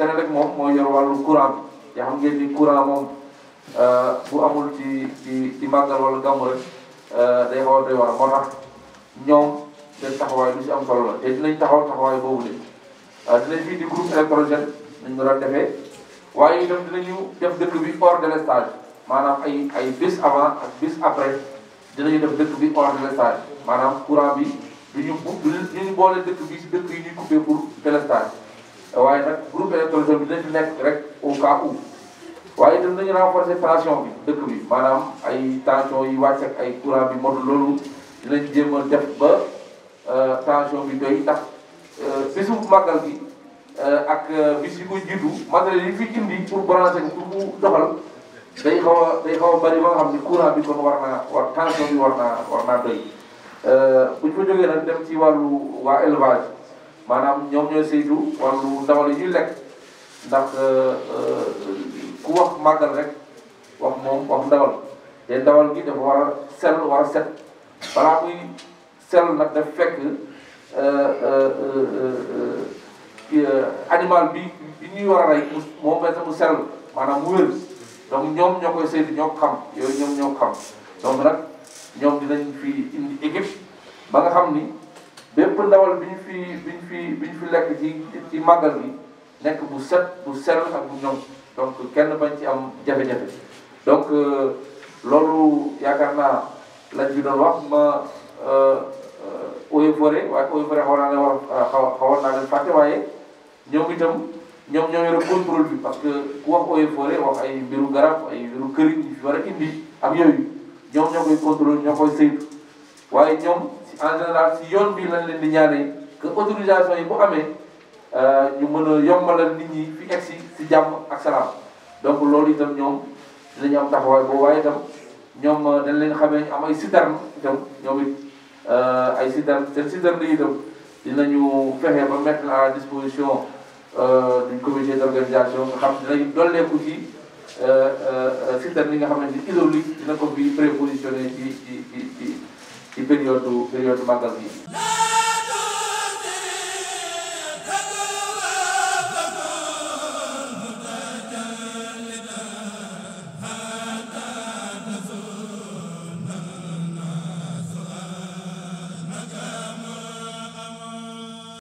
Senelec moom moo yor wàllu courant bi te xam ngeen ni courant moom euh, bu amul ci ci ci wall wala gàmmu rek euh, day xaw day doy waar moo ñoom seen taxawaay lu si am solo la te dinañ taxaw taxawaay boobu de euh, dinañ fii di groupe électrogène nañ ko daan defee waaye itam dinañu def dëkk bi hors délestage maanaam ay bis bés avant ak bés après dinañu def dëkk bi hors délestage maanaam courant bi du ñu du ñu boole dëkk bi si dëkk yi ñuy coupé pour délestage waaye nag groupe électoral bi dina ci nekk rek au cas où waaye itam dañu renforcer tension bi dëkk bi maanaam ay tension yi wàcc ak ay courant bi motu loolu dinañ jéem a def ba euh, tension bi doy ndax euh, bisu màggal gi euh, ak bis yi ko jiitu matériel yi fi indi pour brancher pour mu doxal day xaw a day xaw a bëri ba nga xam ni courant bi kon war naa war tension bi war naa war naa doy bu ñu fa nag dem ci wàllu waa élevage. maanaam ñoom ñooy saytu wàllu ndawal yi ñuy lekk euh, euh, ku wax màggal rek wax moom wax ndawal te ndawal gi dafa war a war a set balaa muy nag daf fekk euh, animal bi bi ñuy war a rey moom mel na mu sell maanaam mu wér donc ñoom ñoo koy saytu ñoo ko xam yooyu ñoom nag ñoom dinañ fi ni bépp ndawal bi ñu fi bi ñu fi bi fi lekk ci ci bi nekk bu set bu sell ak bu ñoom donc kenn bañ ci am jafe-jafe donc euh, loolu yaakaar naa lañ fi doon wax ma euh, euh, eaux et forêt waaye eaux et naa leen war a xawoon naa leen fàtte waaye ñoom itam ñoo yore contrôle bi parce que ku wax eaux et wax ay mbiru garab ay mbiru këriñ yi fi war a indi ak yooyu ñoom ñoo koy contrôle ñoo koy saytu waaye ñoom. en général si yoon bii lañ leen di ñaanee que autorisation yi bu amee euh, ñu mën a yombalal nit ñi fi egsi si jàmm ak salaam donc loolu itam ñoom dinañu am taxawaay boobu waaye itam ñoom euh, dañ leen xamee am ay citerne itam ñoom euh, ay citerne seen citerne yi itam dinañu fexe ba mettre à disposition du comité d'organisation nga xam dinañ dolleeku ci citerne yi nga xamante ni hydraulique dina ko bi prépositionné ci ci ci ci ci période période màggal bi